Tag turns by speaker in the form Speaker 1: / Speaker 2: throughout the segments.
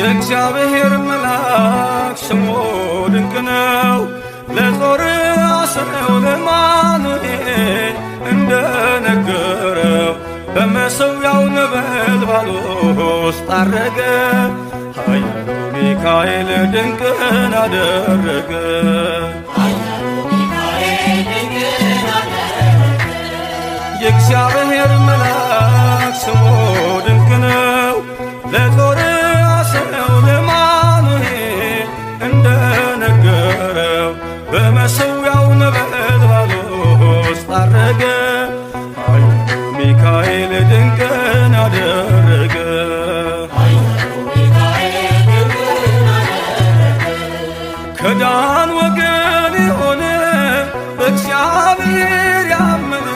Speaker 1: የእግዚአብሔር መልአክ ስሙ ድንቅ ነው። ለጦር አስነው ለማኑኤል እንደነገረው በመሠዊያው ነበልባል ውስጥ አረገ። ኃያሉ ሚካኤል ድንቅን አደረገ። የእግዚአብሔር መልአክ ስሙ ድንቅ ነው። ከዳን ወገን የሆነ በእግዚአብሔር ያመነ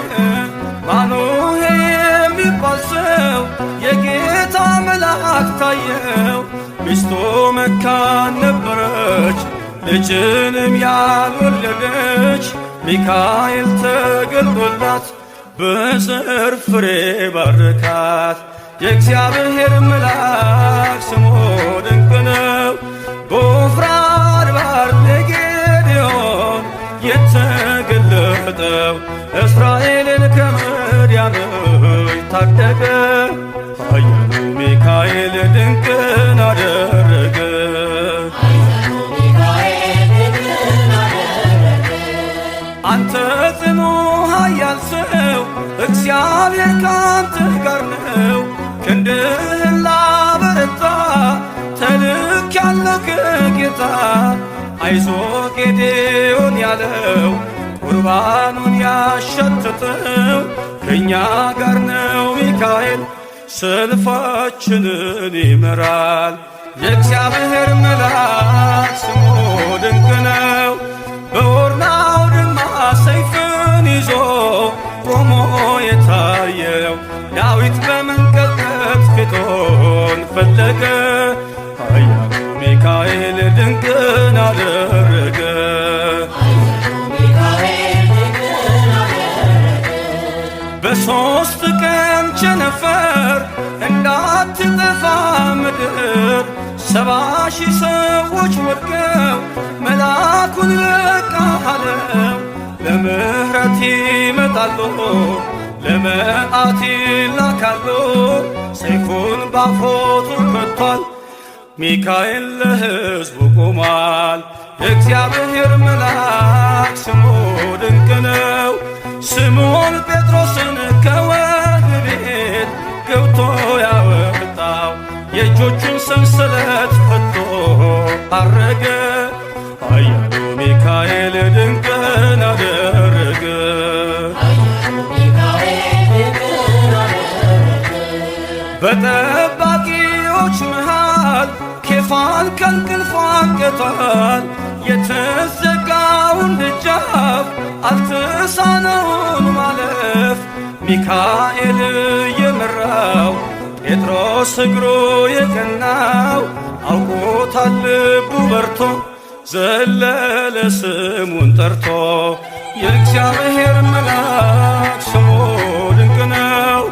Speaker 1: ማኖሄ የሚባል ሰው የጌታ መልአክ ታየው። ሚስቱ መካን ነበረች፣ ልጅንም ያልወለደች ሚካኤል ተገልጦላት በዘር ፍሬ ባረካት። የእግዚአብሔር መልአክ ስሙ ድንቅ ነው። የተገለጠው እስራኤልን ከመዳን እጅ ታደገ። ኃያሉ ሚካኤል ድንቅን አደረገ። አንተ ጽኑ ኃያል ሰው እግዚአብሔር ካንተ ጋር ነው። ክንድህን ላበረታ ተልክ ያለክ ጌታ አይዞህ ጌዴ ያለው ቁርባኑን ያሸተተው ከእኛ ጋር ነው ሚካኤል ሰልፋችንን ይመራል። የእግዚአብሔር መልአክ ስሙ ድንቅ ነው። እንዳትጠፋ ምድር ሰባ ሺህ ሰዎች ወድቀው መልአኩን በቃ አለው። ለምህረት ይመጣሉ ለመዓት ይላካሉ። ሰይፉን ባፎቱ መጥቷል። ሚካኤል ለሕዝቡ ቆሟል። የእግዚአብሔር መልአክ ስሙ ድንቅ ነው። ስሙን ጴጥሮስን ከወ ገብቶ ያወጣው የእጆቹን ሰንሰለት ፈቶ አረገ አያሉ ሚካኤል ድንቅን አደረገ። በጠባቂዎች መሃል ኬፋን ከእንቅልፏ አንቅቷል። የተዘጋውን ደጃፍ አልተሳነውን ማለፍ ሚካኤል የመራው ጴጥሮስ እግሩ የገናው አውቆታል ልቡ በርቶ ዘለለ ስሙን ጠርቶ የእግዚአብሔር መልአክ ስሙ ድንቅ ነው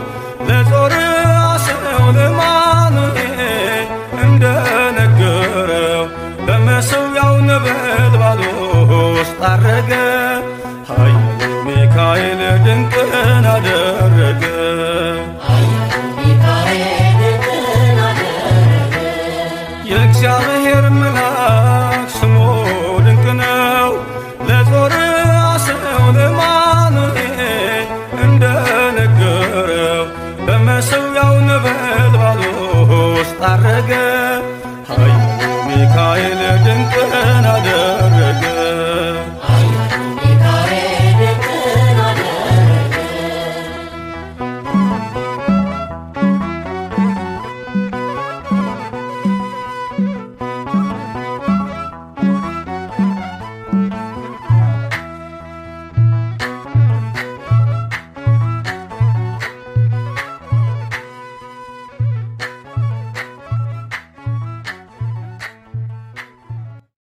Speaker 1: ለጦር አስነው ለማኑኤል እንደነገረው በመሠዊያው ነበልባል ውስጥ አረገ